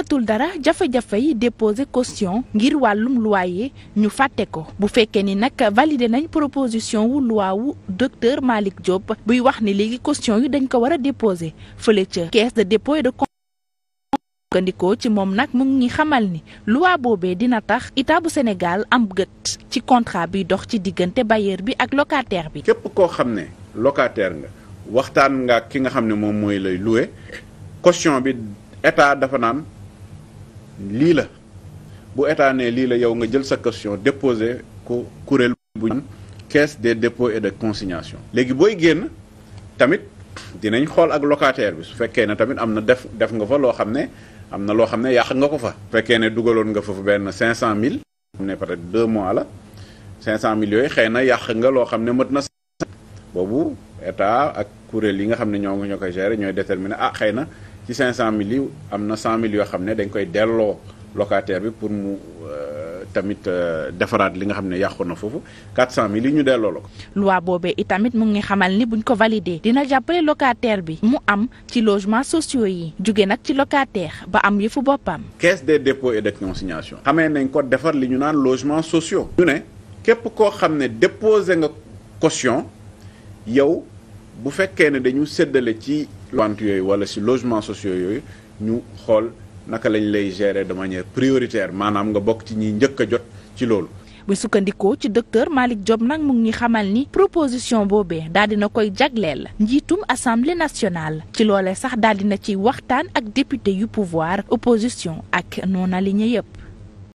nekkatul dara jafe yi déposé caution ngir wàllum loyer ñu fàtte ko bu fekkee ni nag validé nañ proposition wu loi wu docteur Malick Diop wax ni léegi caution yu dañ ko war a déposé fële ca caisse de dépôt de gandikoo ci moom nag mu ngi xamal ni loi boobee dina tax état bu Sénégal am gët ci contrat bi dox ci diggante bailleur bi ak locataire bi. képp koo xam ne locataire nga waxtaan nga ki nga xam ne moom mooy lay loué caution bi état dafa naan lii la bu état ne lii la yow nga jël sa question déposé ko kuréel bu ñu caisse des dépôts de consignation léegi booy génn tamit dinañ xool ak locataire bi su fekkee ne tamit am na def def nga fa loo xam ne am na loo xam ne yàq nga ko fa su fekkee ne dugaloon nga fa benn cinq cent mille xam ne peut-être deux mois la cinq cent mille yooyu xëy na yàq nga loo xam ne mët na boobu état ak kuréel yi nga xam ne ñoo ñoo koy gérer ñooy déterminer ah xëy na ci cinq 500000 yi am na cent mille yoo xam ne dañ koy delloo locataire bi pour mu euh, tamit euh, defaraat li nga xam ne yàqu na foofu 400000 yi ñu delloo la ko. loi boobee itamit mu ngi xamal ni buñ ko validé dina jàppale locataire bi mu am ci logement sociaux yi jóge nag ci locataire ba am yëfu boppam. caisse des dépôts et de consignation. xamee nañ ko defar li ñu naan logement sociaux. ñu ne képp koo xam ne déposé nga caution yow bu fekkee ne dañu séddale ci. wante yooyu wala si logements sociaux yooyu ñu xool naka lañ lay gérer de manière prioritaire maanaam nga bokk ci ñi njëkk a jot ci loolu. bu sukkandikoo ci docteur Malick Diop nag mu ngi xamal ni proposition boobee daal dina koy jagleel njiitum assemblée nationale ci loolee sax daal dina ciy waxtaan ak député yu pouvoir opposition ak non aligné yëpp.